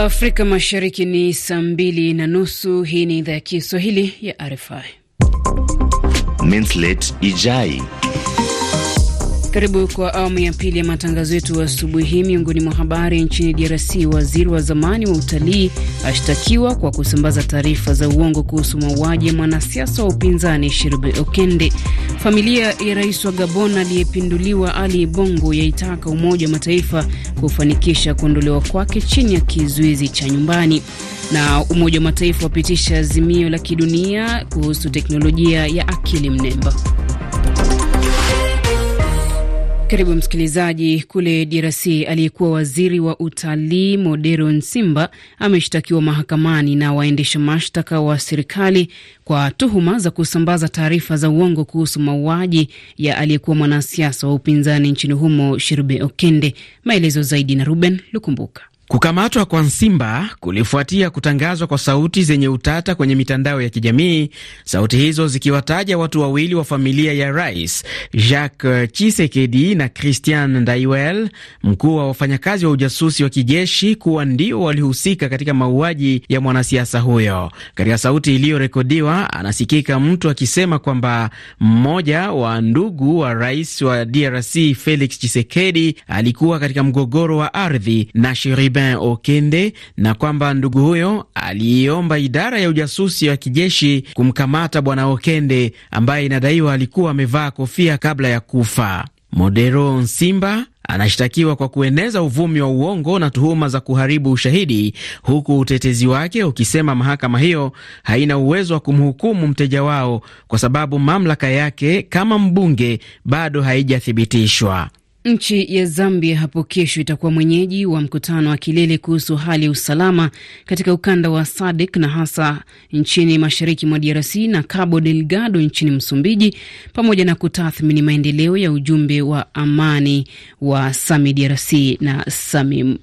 Afrika Mashariki ni saa mbili na nusu. Hii ni idhaa ya Kiswahili ya RFI. Minslet Ijai karibu kwa awamu ya pili ya matangazo yetu asubuhi hii. Miongoni mwa habari nchini DRC, waziri wa zamani wa utalii ashtakiwa kwa kusambaza taarifa za uongo kuhusu mauaji ya mwanasiasa wa upinzani Shirube Okende. Familia ya rais wa Gabon aliyepinduliwa Ali Bongo yaitaka Umoja wa Mataifa kufanikisha kuondolewa kwake chini ya kizuizi cha nyumbani, na Umoja wa Mataifa wapitisha azimio la kidunia kuhusu teknolojia ya akili mnemba. Karibu msikilizaji. Kule DRC, aliyekuwa waziri wa utalii Modero Nsimba ameshtakiwa mahakamani na waendesha mashtaka wa serikali kwa tuhuma za kusambaza taarifa za uongo kuhusu mauaji ya aliyekuwa mwanasiasa wa upinzani nchini humo Shirube Okende. Maelezo zaidi na Ruben Lukumbuka. Kukamatwa kwa Nsimba kulifuatia kutangazwa kwa sauti zenye utata kwenye mitandao ya kijamii, sauti hizo zikiwataja watu wawili wa familia ya rais Jacques chisekedi na Christian Ndaiwel, mkuu wa wafanyakazi wa ujasusi wa kijeshi, kuwa ndio walihusika katika mauaji ya mwanasiasa huyo. Katika sauti iliyorekodiwa, anasikika mtu akisema kwamba mmoja wa ndugu wa rais wa DRC Felix chisekedi alikuwa katika mgogoro wa ardhi na Shiribe Sylvain Okende na kwamba ndugu huyo aliiomba idara ya ujasusi wa kijeshi kumkamata bwana Okende ambaye inadaiwa alikuwa amevaa kofia kabla ya kufa. Modero Nsimba anashtakiwa kwa kueneza uvumi wa uongo na tuhuma za kuharibu ushahidi, huku utetezi wake ukisema mahakama hiyo haina uwezo wa kumhukumu mteja wao kwa sababu mamlaka yake kama mbunge bado haijathibitishwa. Nchi ya Zambia hapo kesho itakuwa mwenyeji wa mkutano wa kilele kuhusu hali ya usalama katika ukanda wa SADC na hasa nchini mashariki mwa DRC na Cabo Delgado nchini Msumbiji, pamoja na kutathmini maendeleo ya ujumbe wa amani wa SAMI DRC na SAMIM.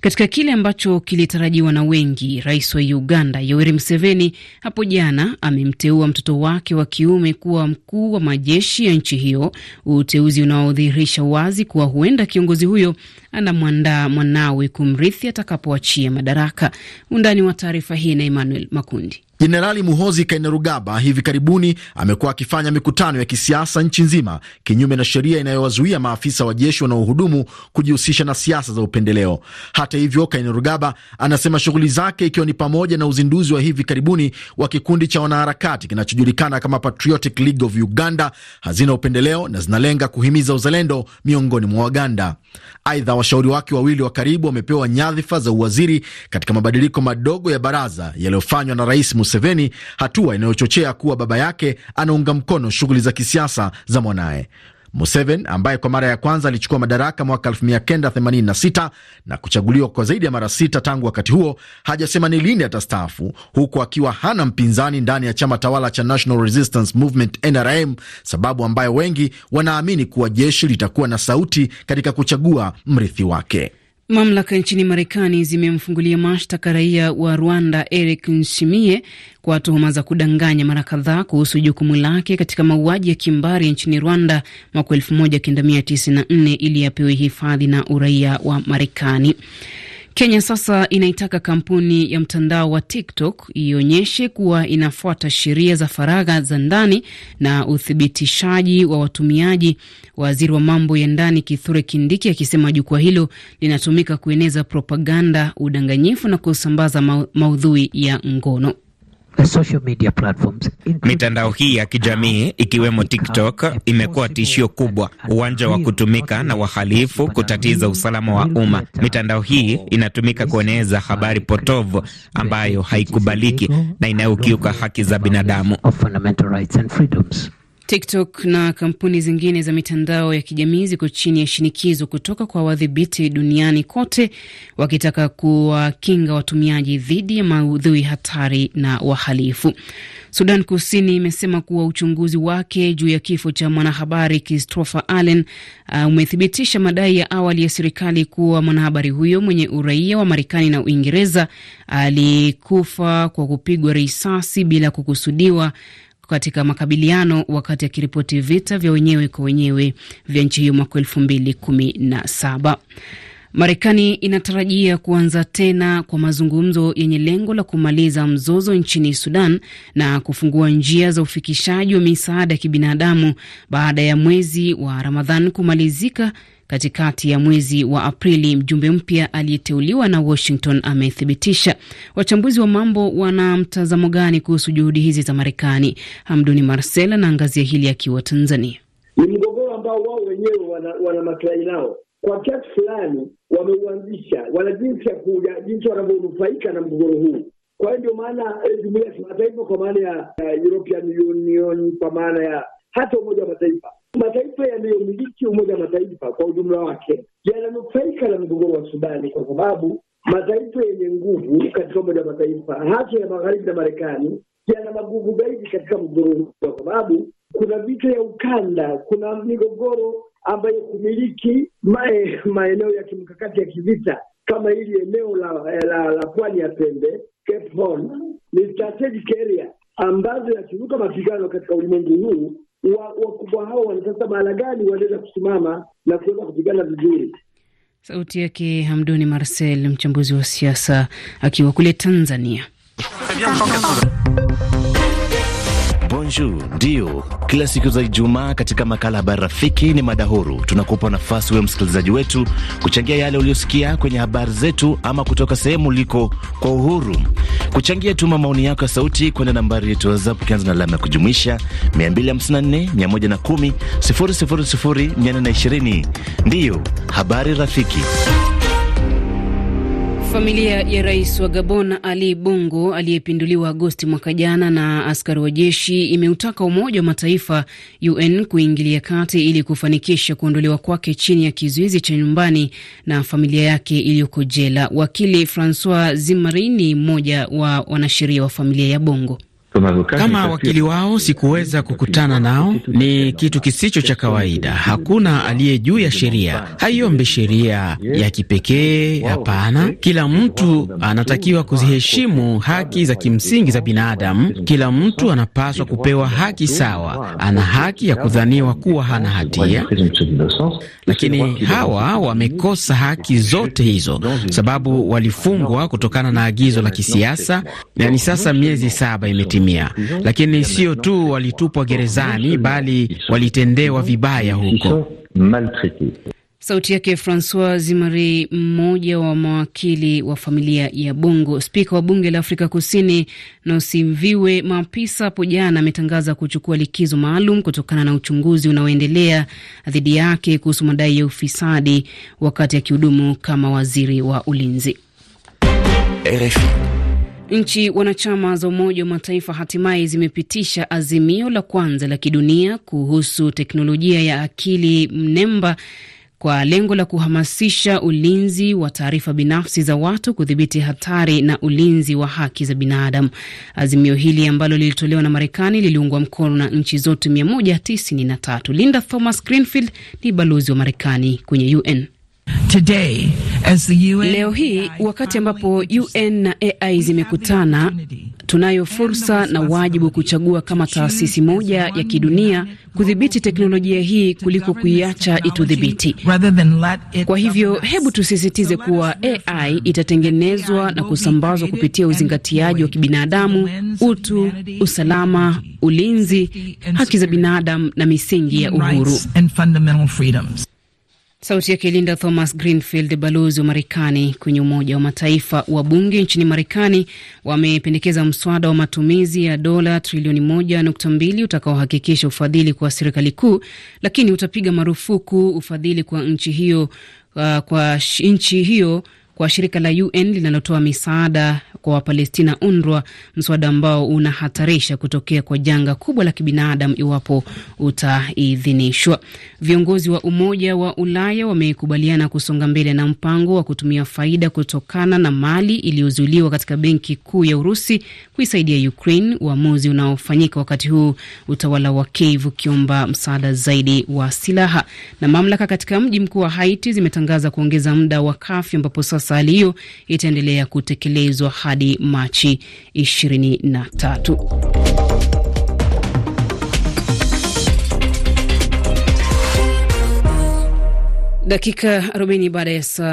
Katika kile ambacho kilitarajiwa na wengi, rais wa Uganda Yoweri Museveni hapo jana amemteua mtoto wake wa kiume kuwa mkuu wa majeshi ya nchi hiyo, uteuzi unaodhihirisha wazi wazi kuwa huenda kiongozi huyo anamwandaa mwanawe kumrithi atakapoachia madaraka. Undani wa taarifa hii na Emmanuel Makundi. Jenerali Muhozi Kainerugaba hivi karibuni amekuwa akifanya mikutano ya kisiasa nchi nzima kinyume na sheria inayowazuia maafisa wa jeshi wanaohudumu kujihusisha na siasa za upendeleo. Hata hivyo, Kainerugaba anasema shughuli zake ikiwa ni pamoja na uzinduzi wa hivi karibuni wa kikundi cha wanaharakati kinachojulikana kama Patriotic League of Uganda hazina upendeleo na zinalenga kuhimiza uzalendo miongoni mwa Waganda. Aidha, washauri wake wawili wa karibu wamepewa nyadhifa za uwaziri katika mabadiliko madogo ya baraza yaliyofanywa na Rais Museveni, hatua inayochochea kuwa baba yake anaunga mkono shughuli za kisiasa za mwanaye. Museveni ambaye kwa mara ya kwanza alichukua madaraka mwaka 1986 na kuchaguliwa kwa zaidi ya mara sita tangu wakati huo, hajasema ni lini atastaafu, huku akiwa hana mpinzani ndani ya chama tawala cha National Resistance Movement NRM, sababu ambayo wengi wanaamini kuwa jeshi litakuwa na sauti katika kuchagua mrithi wake. Mamlaka nchini Marekani zimemfungulia mashtaka raia wa Rwanda Eric Nshimie kwa tuhuma za kudanganya mara kadhaa kuhusu jukumu lake katika mauaji ya kimbari nchini Rwanda mwaka 1994 ili apewe hifadhi na uraia wa Marekani. Kenya sasa inaitaka kampuni ya mtandao wa TikTok ionyeshe kuwa inafuata sheria za faragha za ndani na uthibitishaji wa watumiaji, waziri wa mambo ya ndani Kithure Kindiki akisema jukwaa hilo linatumika kueneza propaganda, udanganyifu na kusambaza maudhui ya ngono. Mitandao hii ya kijamii ikiwemo TikTok imekuwa tishio kubwa, uwanja wa kutumika na wahalifu kutatiza usalama wa umma. Mitandao hii inatumika kueneza habari potovu ambayo haikubaliki na inayokiuka haki za binadamu. TikTok na kampuni zingine za mitandao ya kijamii ziko chini ya shinikizo kutoka kwa wadhibiti duniani kote, wakitaka kuwakinga watumiaji dhidi ya maudhui hatari na wahalifu. Sudan Kusini imesema kuwa uchunguzi wake juu ya kifo cha mwanahabari Christopher Allen uh, umethibitisha madai ya awali ya serikali kuwa mwanahabari huyo mwenye uraia wa Marekani na Uingereza alikufa kwa kupigwa risasi bila kukusudiwa katika makabiliano wakati akiripoti vita vya wenyewe kwa wenyewe vya nchi hiyo mwaka elfu mbili kumi na saba. Marekani inatarajia kuanza tena kwa mazungumzo yenye lengo la kumaliza mzozo nchini Sudan na kufungua njia za ufikishaji wa misaada ya kibinadamu baada ya mwezi wa Ramadhan kumalizika Katikati ya mwezi wa Aprili, mjumbe mpya aliyeteuliwa na Washington amethibitisha. Wachambuzi wa mambo wana mtazamo gani kuhusu juhudi hizi za Marekani? Hamduni Marcel anaangazia hili akiwa Tanzania. Ni mgogoro ambao wao wenyewe wana, wana maslahi nao kwa kiasi fulani wameuanzisha, wana jinsi ya kuja, jinsi wanavyonufaika na mgogoro huu. Kwa hiyo ndio maana eh, jumuia ya kimataifa kwa maana ya European Union, kwa maana ya hata Umoja wa Mataifa Mataifa yanayomiliki Umoja wa Mataifa kwa ujumla wake yananufaika na mgogoro wa Sudani kwa sababu mataifa yenye nguvu katika Umoja wa Mataifa hasa ya Magharibi na Marekani yana maguvu zaidi katika mgogoro huu kwa sababu kuna vita ya ukanda, kuna migogoro ambayo kumiliki mae, maeneo ya kimkakati ya kivita kama hili eneo la, la, la pwani ya pembe Cape Horn ni strategic area ambazo yakivuka mapigano katika ulimwengu huu wakubwa wa hao wanasasa mahala gani wanaweza kusimama na kuweza kupigana vizuri. Sauti yake Hamduni Marcel, mchambuzi wa siasa akiwa kule Tanzania. Bonjour, ndio kila siku za Ijumaa katika makala Habari Rafiki ni mada huru. Tunakupa nafasi wewe msikilizaji wetu kuchangia yale uliosikia kwenye habari zetu ama kutoka sehemu uliko kwa uhuru kuchangia. Tuma maoni yako ya sauti kwenda nambari yetu WhatsApp ukianza na alama ya kujumuisha 254 110 000 420. Ndiyo habari rafiki. Familia ya rais wa Gabon Ali Bongo aliyepinduliwa Agosti mwaka jana na askari wa jeshi imeutaka Umoja wa Mataifa UN kuingilia kati ili kufanikisha kuondolewa kwake chini ya kizuizi cha nyumbani na familia yake iliyoko jela. Wakili Francois Zimarini, mmoja wa wanasheria wa familia ya Bongo. Kama wakili wao sikuweza kukutana nao, ni kitu kisicho cha kawaida. Hakuna aliye juu ya sheria, haiombi sheria ya kipekee, hapana. Kila mtu anatakiwa kuziheshimu haki za kimsingi za binadamu. Kila mtu anapaswa kupewa haki sawa, ana haki ya kudhaniwa kuwa hana hatia, lakini hawa wamekosa haki zote hizo, sababu walifungwa kutokana na agizo la kisiasa, na ni sasa miezi saba imetimia kimya. Mhm. Lakini sio tu walitupwa gerezani, bali walitendewa vibaya huko. Sauti yake Francois Zimari, mmoja wa mawakili wa familia ya Bongo. Spika wa bunge la Afrika Kusini nosimviwe Mapisa hapo jana ametangaza kuchukua likizo maalum kutokana na uchunguzi unaoendelea dhidi yake kuhusu madai ya ufisadi wakati akihudumu kama waziri wa ulinzi. RFI. Nchi wanachama za Umoja wa Mataifa hatimaye zimepitisha azimio la kwanza la kidunia kuhusu teknolojia ya akili mnemba kwa lengo la kuhamasisha ulinzi wa taarifa binafsi za watu, kudhibiti hatari na ulinzi wa haki za binadamu. Azimio hili ambalo lilitolewa na Marekani liliungwa mkono na nchi zote 193. Linda Thomas Greenfield ni balozi wa Marekani kwenye UN. Today, Leo hii wakati ambapo UN na AI zimekutana, tunayo fursa na wajibu kuchagua kama taasisi moja ya kidunia kudhibiti teknolojia hii kuliko kuiacha itudhibiti. Kwa hivyo, hebu tusisitize kuwa AI itatengenezwa na kusambazwa kupitia uzingatiaji wa kibinadamu, utu, usalama, ulinzi, haki za binadamu na misingi ya uhuru. Sauti yake Linda Thomas Greenfield, balozi wa Marekani kwenye Umoja wa Mataifa. Wabunge nchini Marekani wamependekeza mswada wa matumizi ya dola trilioni moja nukta mbili utakaohakikisha ufadhili kwa serikali kuu, lakini utapiga marufuku ufadhili kwa nchi hiyo, uh, kwa nchi hiyo kwa shirika la UN linalotoa misaada kwa Wapalestina, UNRWA, mswada ambao unahatarisha kutokea kwa janga kubwa la kibinadamu iwapo utaidhinishwa. Viongozi wa Umoja wa Ulaya wamekubaliana kusonga mbele na mpango wa kutumia faida kutokana na mali iliyozuiliwa katika benki kuu ya Urusi kuisaidia Ukraine, uamuzi unaofanyika wakati huu utawala wa Kiev ukiomba msaada zaidi wa silaha. Na mamlaka katika mji mkuu wa Haiti zimetangaza kuongeza muda wa kafyu ambapo sasa safari hiyo itaendelea kutekelezwa hadi Machi 23. Dakika arobaini baada ya saa